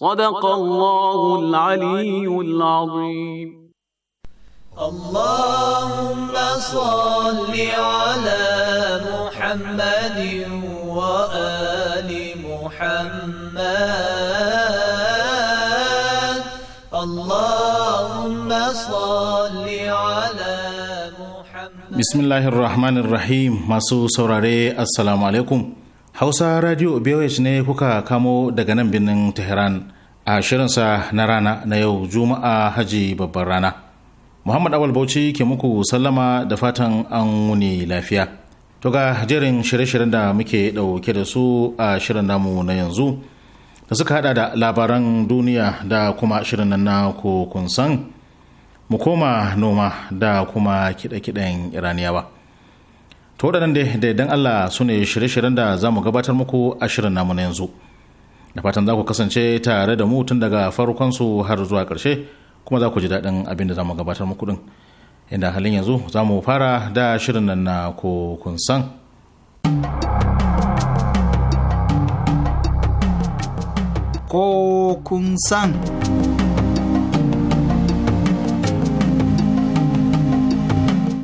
صدق الله العلي العظيم اللهم صل على محمد وآل محمد اللهم صل على محمد بسم الله الرحمن الرحيم مسو سوراري السلام عليكم hausa radio bh ne kuka kamo daga nan birnin tehran a shirinsa na rana na yau juma'a haji babbar rana muhammad awal bauchi ke muku sallama da fatan an wuni lafiya to ga jerin shirye-shiryen da muke ɗauke da su a shirin namu na yanzu da suka hada da labaran duniya da kuma shirin nan na kun san mu koma noma da kuma kiɗe-kiɗen iraniyawa to waɗannan dai da idan Allah su ne shirye-shiryen da za mu gabatar muku a shirin namu na yanzu da fatan za ku kasance tare da mu tun daga farkon su har zuwa ƙarshe kuma za ku ji daɗin abin da za mu gabatar muku din inda halin yanzu za mu fara da shirin nan na ko kun san ko kun san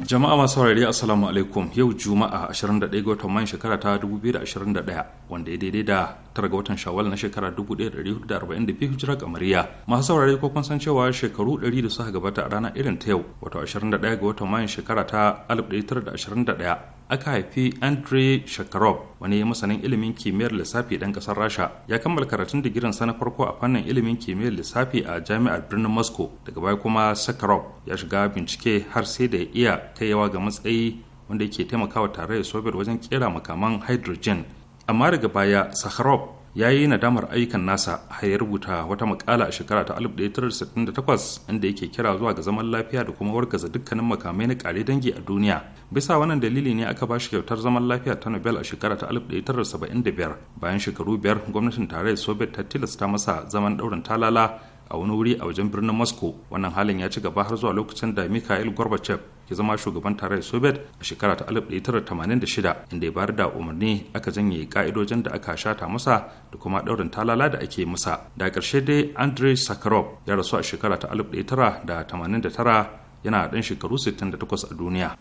Jama'a masu saurari Assalamu alaikum yau Juma'a 21 ga watan Mayu shekara ta 2021 wanda ya daidai da tara ga watan Shawwal na shekara 1442 Hijira Kamariya. Masu saurari ko kun san cewa shekaru 100 da suka gabata a ranar irin ta yau wato 21 ga watan Mayu shekara ta 1921 aka haifi andre Shakarov wani masanin ilimin kimiyyar lissafi ɗan ƙasar Rasha ya kammala karatun digirin sa na farko a fannin ilimin kimiyyar lissafi a jami'ar birnin Moscow daga baya kuma Shakarov ya shiga bincike har sai da ya iya kaiwa ga matsayi wanda yake taimakawa tare da Soviet wajen kera makaman hydrogen amma daga baya Sakharov ya yi nadamar aikan nasa har ya rubuta wata makala a shekara ta 1968 inda yake kira zuwa ga zaman lafiya da kuma wargaza dukkanin makamai na kare dangi a duniya bisa wannan dalili ne aka ba shi kyautar zaman lafiya ta nobel a shekara ta 1975 bayan shekaru biyar gwamnatin tarayyar soviet ta tilasta masa zaman daurin talala a wani wuri a wajen birnin moscow wannan halin ya ci gaba har zuwa lokacin da mikhail gorbachev ya zama shugaban tarayyar soviet a shekara ta 1986 inda ya bayar da umarni aka janye ka'idojin da aka shata masa da kuma daurin talala da ake masa da ƙarshe dai andrei sakharov ya rasu a shekara ta 1989 yana ɗan shekaru 68 a duniya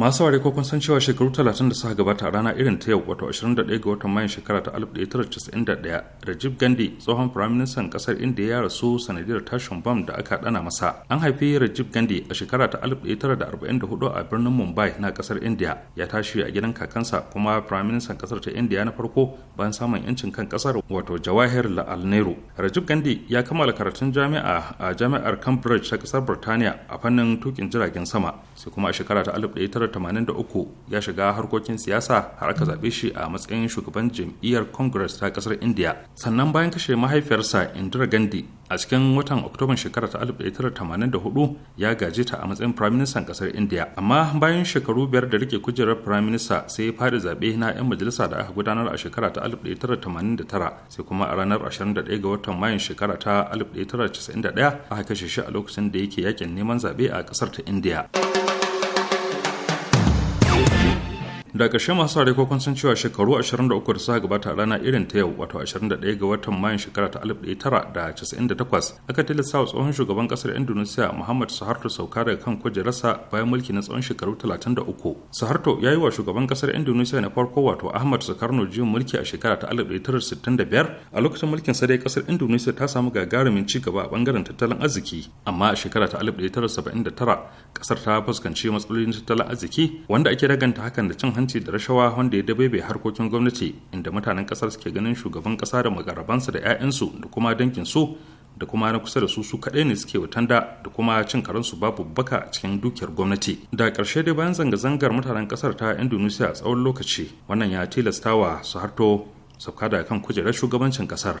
masu ware kun san cewa shekaru 30 da suka gabata a rana irin ta yau wato 21 ga watan mayan shekara ta 1991 Rajiv Gandhi tsohon firaministan kasar India ya rasu sanadiyar tashin bam da aka dana masa an haifi Rajiv Gandhi a shekara ta 1944 a birnin Mumbai na kasar India ya tashi a gidan kakansa kuma firaministan kasar ta India na farko bayan samun yancin kan kasar wato Jawahir Lal Nehru Rajiv Gandhi ya kammala karatun jami'a a jami'ar Cambridge ta kasar Burtaniya a fannin tukin jiragen sama sai kuma a shekara ta 1983 ya shiga harkokin siyasa har aka zaɓe shi a matsayin shugaban jam'iyyar congress ta kasar india sannan bayan kashe mahaifiyarsa indira gandhi a cikin watan oktoban shekara ta 1984 ya gaje ta a matsayin prime minister ƙasar india amma bayan shekaru biyar da rike kujerar prime minister sai ya fadi zaɓe na 'yan majalisa da aka gudanar a shekara ta 1989 sai kuma a ranar 21 ga watan mayun shekara ta 1991 aka kashe shi a lokacin da yake yakin neman zaɓe a kasar ta india. da ƙarshe masu sa ko kun san cewa shekaru 23 da suka gabata a rana irin ta yau wato 21 ga watan mayun shekara ta 1998 aka tilasta wa tsohon shugaban kasar indonesia muhammad suharto sauka daga kan kujerarsa bayan mulki na tsawon shekaru 33 suharto ya yi wa shugaban ƙasar indonesia na farko wato ahmad sukarno jin mulki a shekara ta 1965 a lokacin mulkin sa dai kasar indonesia ta samu gagarumin ci gaba a bangaren tattalin arziki amma a shekara ta 1979 kasar ta fuskanci matsalolin tattalin arziki wanda ake daganta hakan da cin hanci mutunci da rashawa wanda ya dabaibe harkokin gwamnati inda mutanen kasar suke ganin shugaban kasa da magarabansa da 'ya'yansu da kuma dangin su da kuma na kusa da su su kaɗai ne suke watanda da kuma cin karansu babu baka a cikin dukiyar gwamnati da ƙarshe dai bayan zanga-zangar mutanen kasar ta indonesia tsawon lokaci wannan ya tilastawa su harto sauka da kan kujerar shugabancin ƙasar.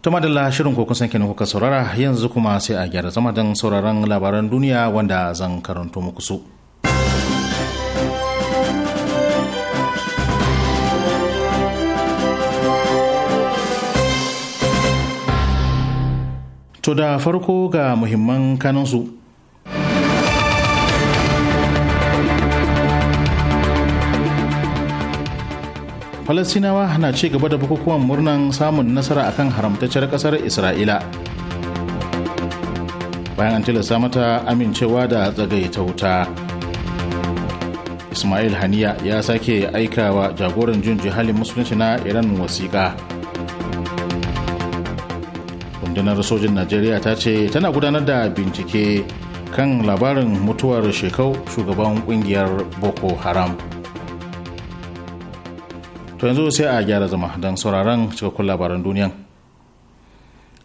ta madalla shirin ko kusan kenan kuka saurara yanzu kuma sai a gyara zama don sauraron labaran duniya wanda zan karanto muku su. To da farko ga muhimman kanansu. falasinawa na ci gaba da bukukuwan murnan samun nasara akan haramtacciyar kasar isra'ila bayan an tilasta mata amincewa da tsagaita wuta ismail haniya ya sake aikawa jagoran jin jihalin musulunci na iran wasiƙa rundunar sojin najeriya ta ce tana gudanar da bincike kan labarin mutuwar shekau shugaban kungiyar boko haram to yanzu sai a gyara zama don sauraron cikakkun labaran duniyan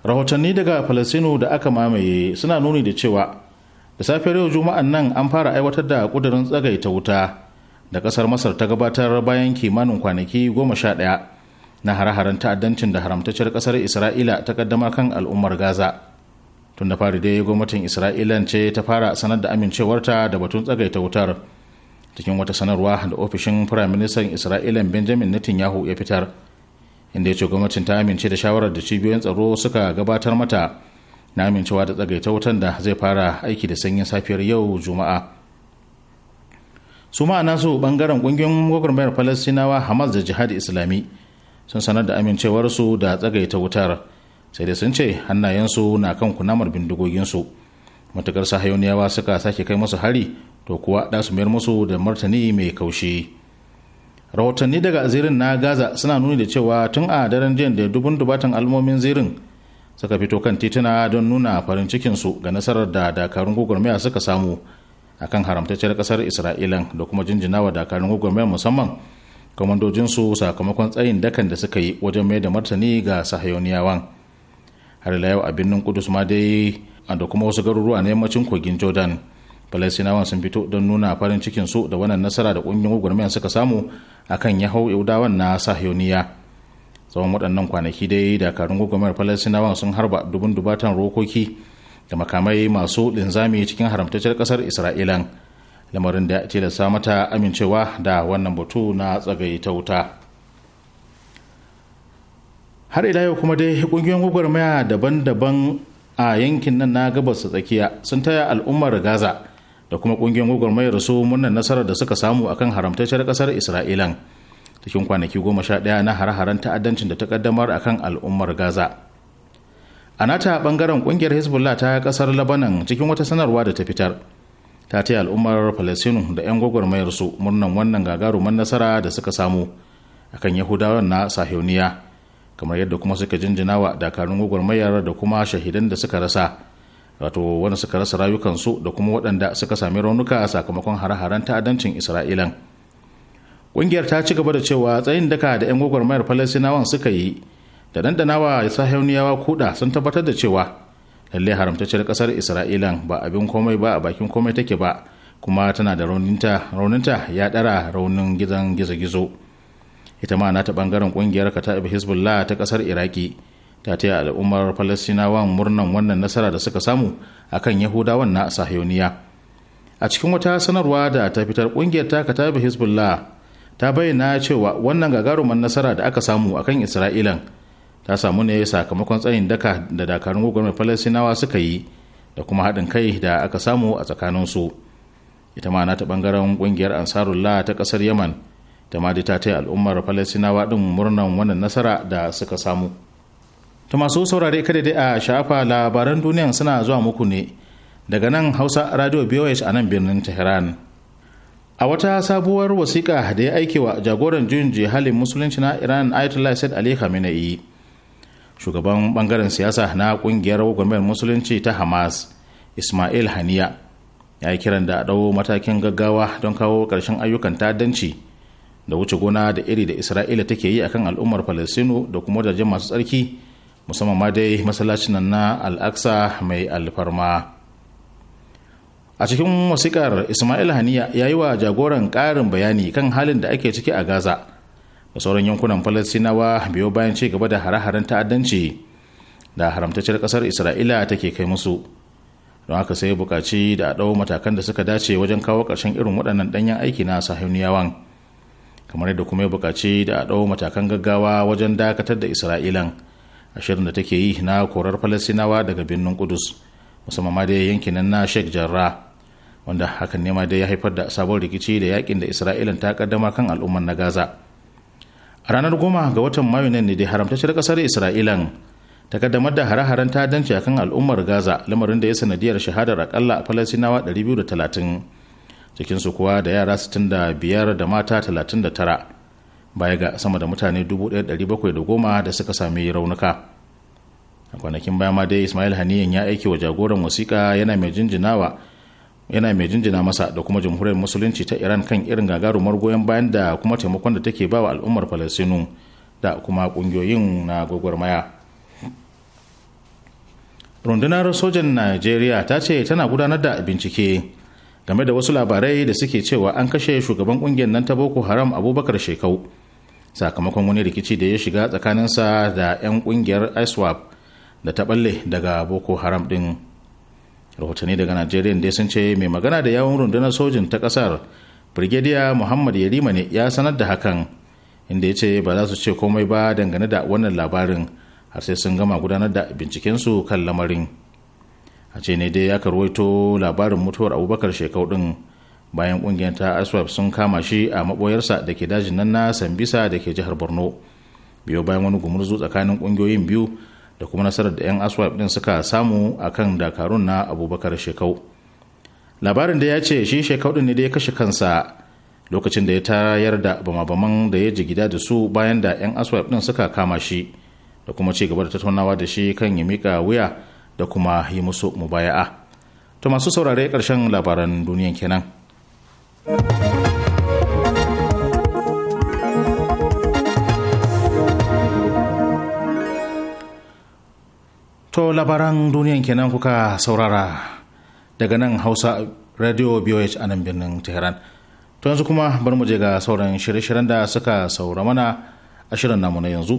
rahotanni daga falasinu da aka mamaye suna nuni da cewa da safiyar yau juma'an nan an fara aiwatar da kudirin tsagaita wuta da kasar masar ta gabatar bayan kimanin kwanaki goma sha ɗaya na hare-haren ta'addancin da haramtacciyar kasar isra'ila ta kaddama kan al'ummar gaza tun da fari dai gwamnatin isra'ilan ce ta fara sanar da amincewarta da batun tsagaita wutar cikin wata sanarwa da ofishin firaministan isra'ila benjamin netanyahu ya fitar inda ya ce gwamnatin ta amince da shawarar da cibiyoyin tsaro suka gabatar mata na amincewa da tsagaita wutan da zai fara aiki da sanyin safiyar yau juma'a su ma so bangaren kungiyoyin gwagwarmayar falastinawa hamas da jihad islami sun sanar da amincewarsu da tsagaita wutar sai dai sun ce hannayensu na kan kunamar bindigoginsu matukar sahayoniyawa suka sake kai musu hari to kuwa da su mayar musu da martani mai kaushi rahotanni daga azirin na gaza suna nuni da cewa tun a daren jiya da dubun dubatan al'ummomin zirin suka fito kan tituna don nuna farin cikinsu ga nasarar da dakarun gwagwarmaya suka samu akan haramtacciyar kasar isra'ilan da kuma jinjinawa dakarun gwagwarmaya musamman kwamandojinsu sakamakon tsayin dakan da suka yi wajen mai da martani ga sahayoniyawan har ila yau a birnin kudus ma dai da kuma wasu garuruwa na yammacin kogin jordan falasinawan sun fito don nuna farin cikin su da wannan nasara da ƙungiyar gwagwarmayar suka samu akan yahau yaudawan na sahiyoniya tsawon waɗannan kwanaki dai dakarun gwamnatin falasinawan sun harba dubun dubatan rokoki da makamai masu linzami cikin haramtacciyar ƙasar isra'ilan lamarin da tilasta mata amincewa da wannan batu na ta wuta har ila yau kuma dai ƙungiyoyin gwagwarmaya daban-daban a yankin nan na gabas tsakiya sun taya al'ummar gaza da kuma ƙungiyar gwagwarmayar su murnar nasarar da suka samu akan haramtacciyar kasar isra'ilan cikin kwanaki goma sha ɗaya na hare-haren ta'addancin da ta ƙaddamar akan al'ummar gaza a nata ɓangaren ƙungiyar hezbollah ta kasar labanan cikin wata sanarwa da ta fitar ta taya al'ummar palestinu da 'yan gwagwarmayar su murnan wannan gagaruman nasara da suka samu akan yahudawan na sahiyoniya kamar yadda kuma suka jinjina wa dakarun gwagwarmayar da kuma shahidan da suka rasa wato wanda suka rasa rayukansu da kuma waɗanda suka sami raunuka a sakamakon hare-haren ta'addancin isra'ilan ƙungiyar ta ci gaba da cewa tsayin daka da 'yan gwagwarmayar falasinawan suka yi da dandanawa hauniyawa kuɗa sun tabbatar da cewa lalle haramtacciyar ƙasar isra'ilan ba abin komai ba a bakin komai take ba kuma tana da rauninta rauninta ya ɗara raunin gizon gizo-gizo ita ma nata ɓangaren ƙungiyar ka ta hezbollah ta ƙasar iraki ta taya al'ummar falasinawa murnan wannan nasara da suka samu a kan yahudawan na sahiyoniya a cikin wata sanarwa da ta fitar kungiyar ta katabi hezbollah ta bayyana cewa wannan gagarumar nasara da aka samu akan isra'ilan ta samu ne sakamakon tsayin daka da dakarun mai falasinawa suka yi da kuma haɗin kai da aka samu a tsakaninsu ita ma ta ɓangaren ƙungiyar ansarullah ta ƙasar yaman ta ma ta taya al'ummar falasinawa ɗin murnan wannan nasara da suka samu To masu saurare kada dai a shafa labaran duniyan suna zuwa muku ne daga nan Hausa Radio BOH a nan birnin Tehran. A wata sabuwar wasiƙa da ya aike wa jagoran juyin jihalin musulunci na Iran Ayatollah Said Ali Khamenei. Shugaban bangaren siyasa na kungiyar gwamnatin musulunci ta Hamas Ismail Haniya ya yi kiran da a ɗau matakin gaggawa don kawo ƙarshen ayyukan ta'addanci da wuce gona da iri da Isra'ila take yi akan al'ummar Falasino da kuma da masu tsarki musamman ma dai masallacin nan na al'aksa mai alfarma a cikin wasikar ismail haniya ya yi wa jagoran ƙarin bayani kan halin da ake ciki a gaza da sauran yankunan falastinawa biyo bayan ci gaba da hare-haren ta'addanci da haramtacciyar ƙasar isra'ila take kai musu don haka sai bukaci da a matakan da suka dace wajen kawo ƙarshen irin waɗannan ɗanyen aiki na sahiyoniyawan kamar yadda kuma ya bukaci da a matakan gaggawa wajen dakatar da isra'ilan a shirin da take yi na korar falasinawa daga birnin kudus musamman ma dai yankin na sheikh jarra wanda hakan ne ma dai ya haifar da sabon rikici da yakin da isra'ila ta kaddama kan al'ummar na gaza a ranar goma ga watan mayu nan ne haramta haramtacciyar kasar isra'ilan ta kaddamar da hare-haren ta'addanci a kan al'ummar gaza lamarin da ya sanadiyar shahadar akalla falasinawa 230 cikinsu kuwa da yara 65 da biyar da mata talatin da tara. baya ga sama da mutane 1,710 da suka sami raunuka a kwanakin baya ma dai ismail haniyan ya aiki wa jagoran wasiƙa yana mai jinjina masa da kuma jamhuriyar musulunci ta iran kan irin gagarumar goyon bayan da kuma taimakon da take ba wa al'ummar falasinu da kuma ƙungiyoyin na gwagwarmaya rundunar sojan najeriya ta ce tana gudanar da bincike game da wasu labarai da suke cewa an kashe shugaban ƙungiyar nan ta boko haram abubakar shekau sakamakon wani rikici da ya shiga tsakaninsa da 'yan kungiyar iswap da ta balle daga boko haram din rahotanni daga najeriya dai sun ce mai magana da yawon rundunar sojin ta kasar brigadier muhammad yarima ne ya sanar da hakan inda ya ce ba za su ce komai ba dangane da wannan labarin har sai sun gama gudanar da bincikensu kan lamarin a ce ne dai ya karwaito labarin mutuwar abubakar shekau din bayan kungiyar ta aswap sun kama shi a maboyarsa da ke dajin nan na sambisa da ke jihar borno biyo bayan wani gumurzu tsakanin kungiyoyin biyu da kuma nasarar da 'yan aswap din suka samu a kan dakarun na abubakar shekau labarin da ya ce shi shekau din ne da ya kashe kansa lokacin da ya tayar da bama-baman da ya ji gida da su bayan da 'yan aswap din suka kama shi da kuma ci gaba da tattaunawa da shi kan ya mika wuya da kuma yi musu mubaya'a to masu saurare karshen labaran duniyan kenan. To labaran duniyan kenan kuka saurara daga nan Hausa Radio BOH a nan birnin Tehran. To yanzu kuma bari mu je ga sauran shirye-shiryen da suka saura mana a shirin namu na yanzu.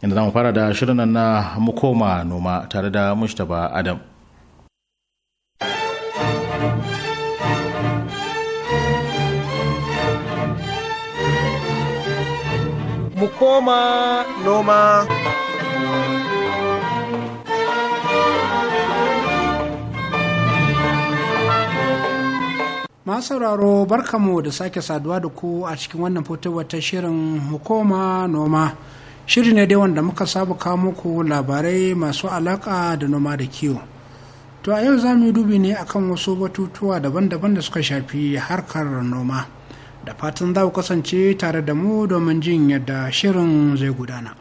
Inda za mu fara da shirin nan na mukoma noma tare da Mustapha Adam. mu koma noma. sauraro barkamu da sake saduwa da ku a cikin wannan fitowar ta shirin mu koma noma. Shiri ne dai wanda muka saba kawo muku labarai masu alaka da noma da kiwo. To a yau za mu dubi ne akan wasu batutuwa daban-daban da suka shafi harkar noma. da fatan za ku kasance tare da mu domin jin yadda shirin zai gudana.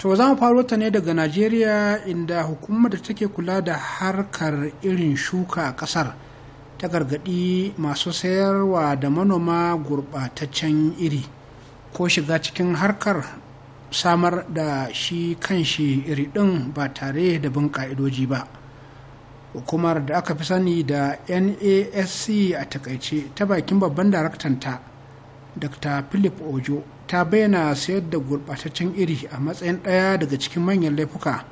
To za mu faro ta ne daga Najeriya inda hukumar da take kula da harkar irin shuka a ƙasar ta gargaɗi masu sayarwa da manoma gurɓataccen iri ko shiga cikin harkar samar da shi kanshi iri ɗin ba tare da bin ƙa'idoji ba hukumar da aka fi sani da nasc a takaice ta bakin babban daraktanta dr philip ojo ta bayyana sayar da gurɓataccen iri a matsayin ɗaya daga cikin manyan laifuka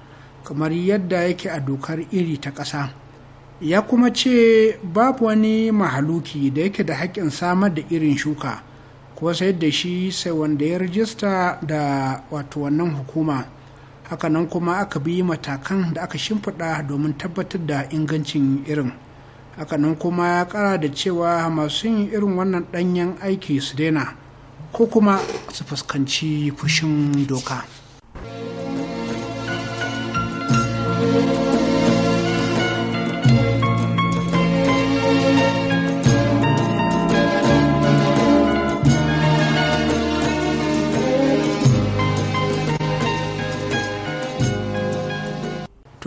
kamar yadda yake a dokar iri ta ƙasa. ya kuma ce babu wani mahaluki da yake da haƙƙin samar da irin shuka ko sai da shi sai wanda ya rijista da wato wannan hukuma hakanan kuma aka bi matakan da aka shimfiɗa domin tabbatar da ingancin irin hakanan kuma ya ƙara da cewa masu yin irin wannan ɗanyen aiki su daina ko kuma su fuskanci fushin doka.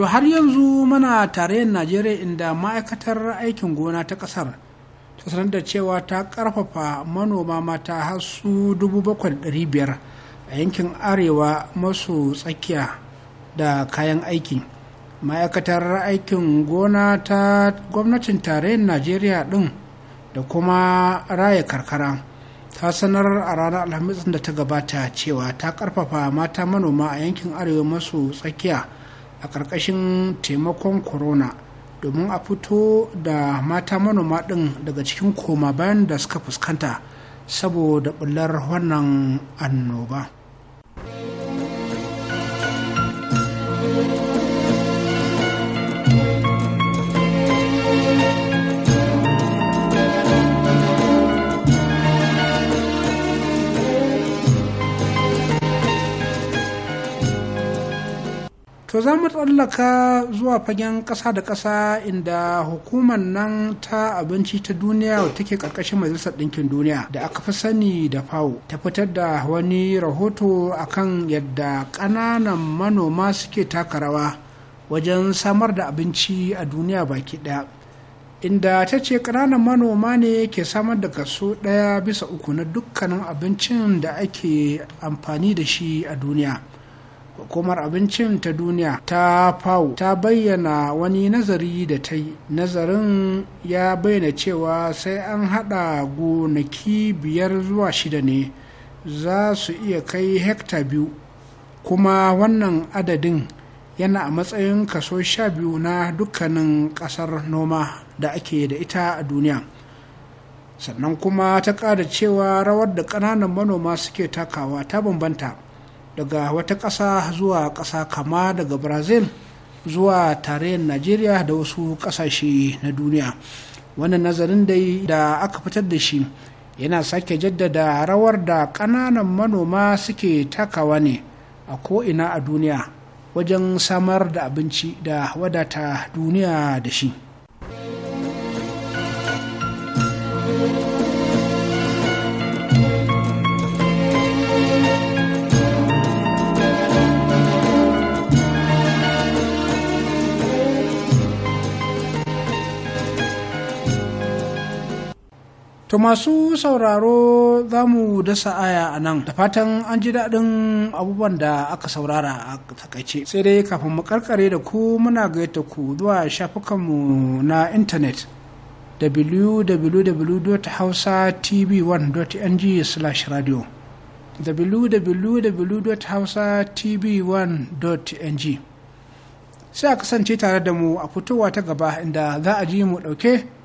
to har yanzu mana tarayyar najeriya inda ma'aikatar aikin gona ta ƙasar ta sanar da cewa ta ƙarfafa manoma mata har su biyar a yankin arewa maso tsakiya da kayan aikin? ma'aikatar aikin gona ta gwamnatin tarayyar najeriya din da kuma raya karkara ta sanar a ranar alhamis da ta gabata cewa ta ƙarfafa mata manoma a yankin arewa maso tsakiya a ƙarƙashin taimakon corona domin a fito da mata manoma ɗin daga cikin koma bayan da suka fuskanta saboda ɓullar wannan annoba. to za mu tsallaka zuwa fagen ƙasa da ƙasa inda hukumar nan ta abinci ta duniya take ƙarƙashin majalisar ɗinkin duniya da aka fi sani da fawo ta fitar da wani rahoto akan yadda ƙananan manoma suke taka rawa wajen samar da abinci a duniya baki ɗaya inda ta ce ƙananan manoma ne ke samar da kaso ɗaya bisa uku na dukkanin abincin da ake amfani da shi a duniya hukumar abincin ta duniya ta fau ta bayyana wani nazari da ta yi nazarin ya bayyana cewa sai an hada gonaki biyar zuwa shida ne za su iya kai hekta biyu kuma wannan adadin yana a matsayin kaso sha biyu na dukkanin kasar noma da ake da ita a duniya sannan kuma ta ƙara cewa rawar da ƙananan manoma suke takawa ta bambanta daga wata ƙasa zuwa ƙasa kama daga brazil zuwa tarayyar najeriya da wasu ƙasashe na duniya wannan nazarin dai da aka fitar da shi yana sake jaddada rawar da ƙananan manoma suke takawa ne a ko'ina a duniya wajen samar da abinci da wadata duniya da shi To masu sauraro za mu dasa aya a nan da fatan an ji daɗin abubuwan da aka saurara a takaice. Sai dai kafin mu karkare da ku muna gaita ku zuwa shafukanmu na intanet www.hausatv1.ng/radio www.hausatv1.ng sai a kasance tare da mu a fitowa ta gaba inda za a ji mu ɗauke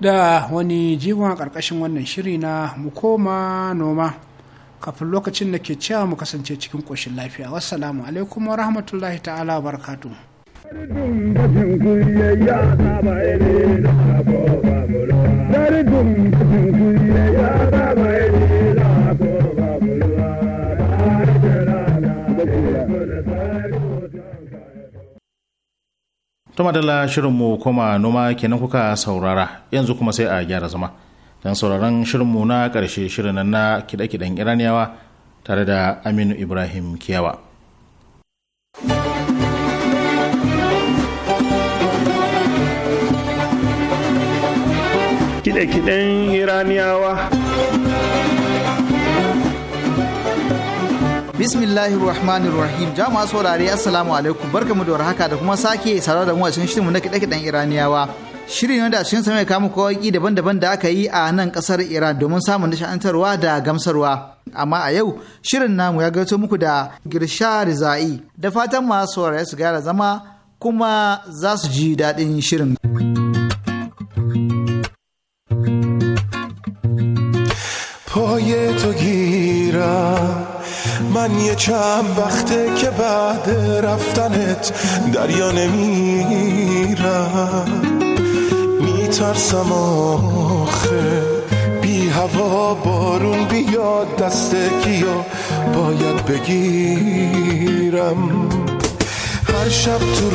da wani jigon a ƙarƙashin wannan shiri na mu koma noma kafin lokacin da ke cewa mu kasance cikin ƙoshin lafiya wassalamu alaikum wa rahmatullahi ta'ala barkatu Dari dum Tuma madalla shirinmu kuma noma kenan kuka saurara yanzu kuma sai a gyara zama. Don sauraron shirinmu na ƙarshe shirin na kiɗe-kiɗen Iraniyawa tare da Aminu Ibrahim Kiyawa. Kiɗe-kiɗen Iraniyawa. bismillahir rahmanir rahim jama'a saurare assalamu alaikum barkamu da warhaka da kuma sake saurare da mu a cikin shirinmu na kiɗe-kiɗen iraniyawa shirin wanda a cikin sa mai kamu kawaki daban-daban da aka yi a nan kasar iran domin samun nishantarwa da gamsarwa amma a yau shirin namu ya gato muku da girsha riza'i da fatan masu saurare su gara zama kuma za su ji daɗin shirin. پای تو گیرم من یه چند وقته که بعد رفتنت دریا نمیرم میترسم آخه بی هوا بارون بیاد دست کیا باید بگیرم هر شب تو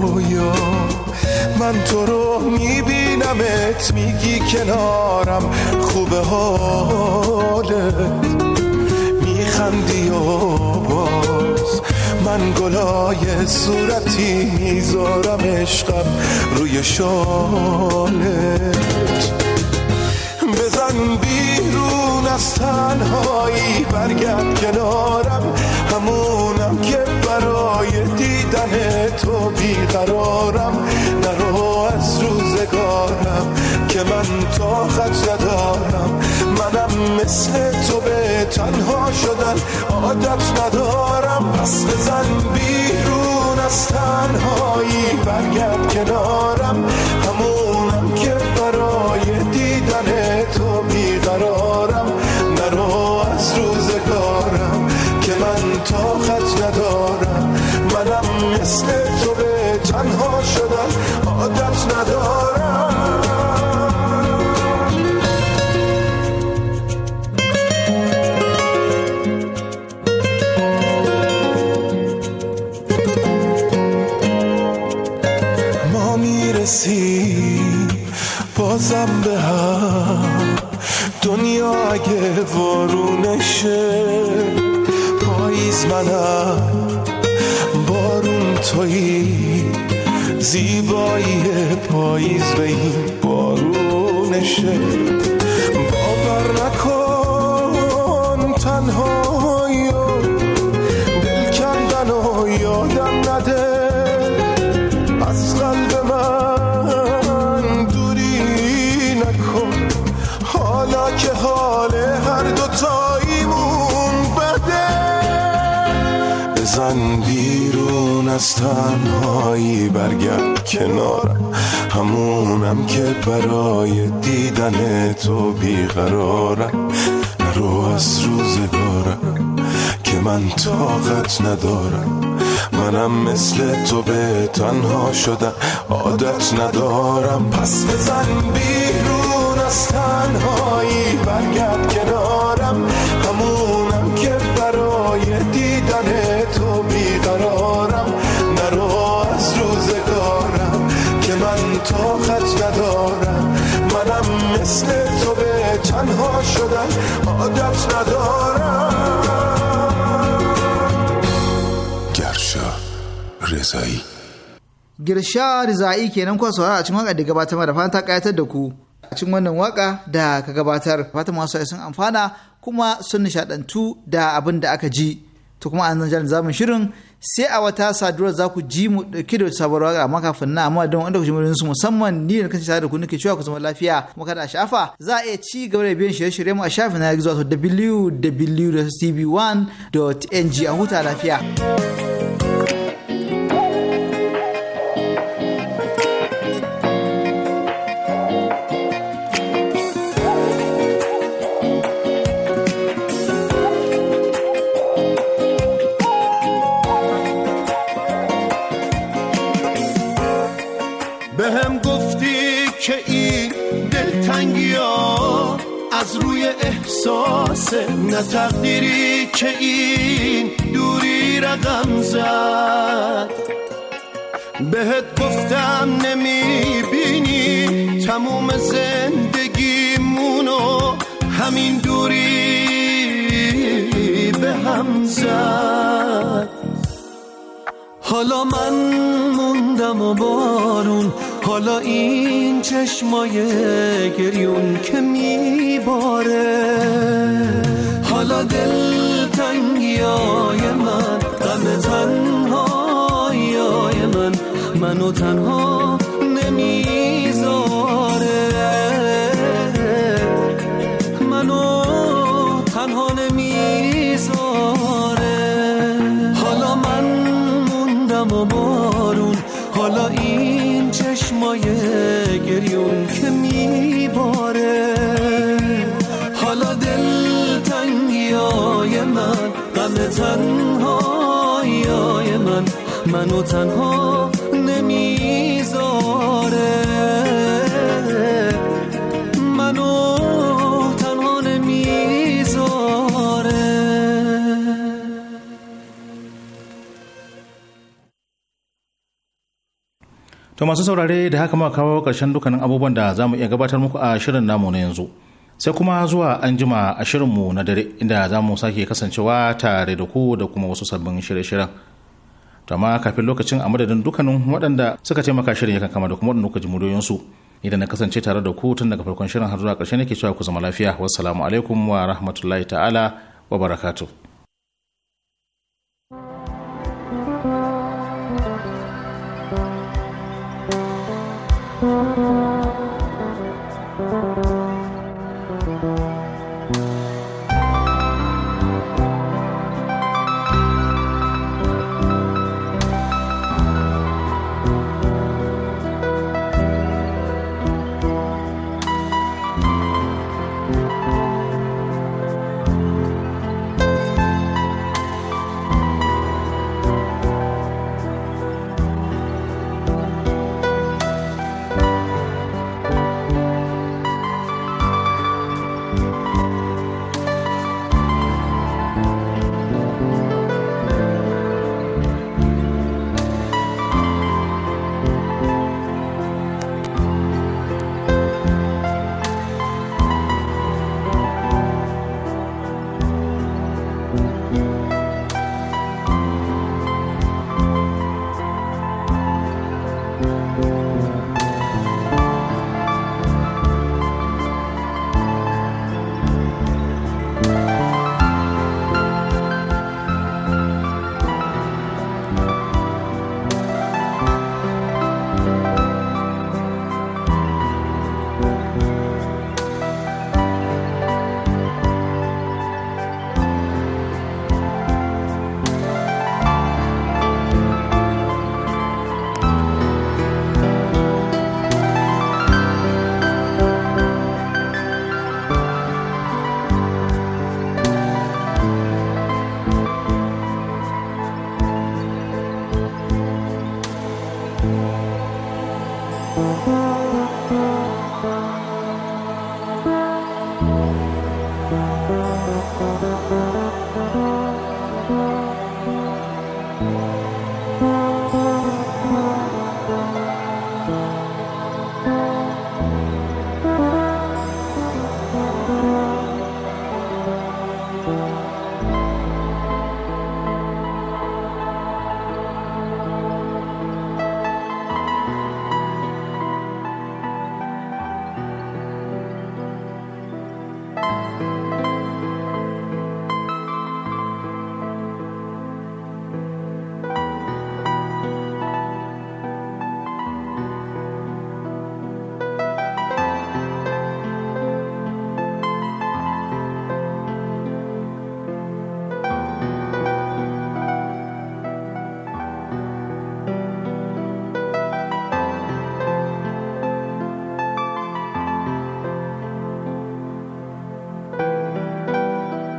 رویا من تو رو میبینمت میگی کنارم خوبه حالت میخندی و باز من گلای صورتی میذارم عشقم روی شالت بزن بیرون از تنهایی برگرد کنارم همونم که برای دیدن تو بیقرارم نرو از روزگارم که من طاقت ندارم منم مثل تو به تنها شدن عادت ندارم پس بزن بیرون از تنهایی برگرد کنارم همونم که برای دیدن تو بیقرارم من خط ندارم منم مثل تو به تنها شدن عادت ندارم منم بارون تویی زیبایی پاییز به این بارونشه باور نکن تنهایی و دل کندن و یادم نده از قلب من دوری نکن حالا که حال بزن بیرون از تنهایی برگرد کنارم همونم که برای دیدن تو بیقرارم نرو از روزگارم که من طاقت ندارم منم مثل تو به تنها شدم عادت ندارم پس بزن بیرون از تنهایی برگرد قرارم نرو از روز کارم که من تو خط ندارم منم مثل تو به تنها شدن عادت ندارم گرشا رضایی girsha riza'i kenan kuwa saurara a cikin waka da gabatar mara fatan ta kayatar da ku a cikin wannan waka da ka gabatar fata masu sun amfana kuma sun nishadantu da abin da aka ji to kuma an zan zamun shirin sai a wata saduwar za ku ji mu ɗauki da sabuwar waka amma kafin na amma don wanda ku ji murin su musamman ni da kace tare da ku nake cewa ku zama lafiya kuma kada a shafa za a iya ci gaba da biyan shirye-shirye mu a shafin na gizo wato www.tv1.ng a huta lafiya. احساسه نه تقدیری که این دوری رقم زد بهت گفتم بینی تموم زندگیمونو همین دوری به هم زد حالا من موندم و بارون حالا این چشمای گریون که میباره حالا دل تنگیای من غم تنهایی من منو تنها سرمایه گریون که میباره حالا دل تنگیای من غم های من منو تنها نمیذاره To masu saurare da haka muka kawo ƙarshen dukkanin abubuwan da za mu iya gabatar muku a shirin namu na yanzu. Sai kuma zuwa an jima a shirinmu na dare inda za mu sake kasancewa tare da ku da kuma wasu sabbin shirye-shiryen. To amma kafin lokacin a madadin dukkanin waɗanda suka taimaka shirin yakan kama da kuma waɗanda kuka ji muryoyinsu. Idan na kasance tare da ku tun daga farkon shirin har zuwa ƙarshe nake cewa ku zama lafiya. Wassalamu alaikum wa rahmatullahi ta'ala wa barakatuh.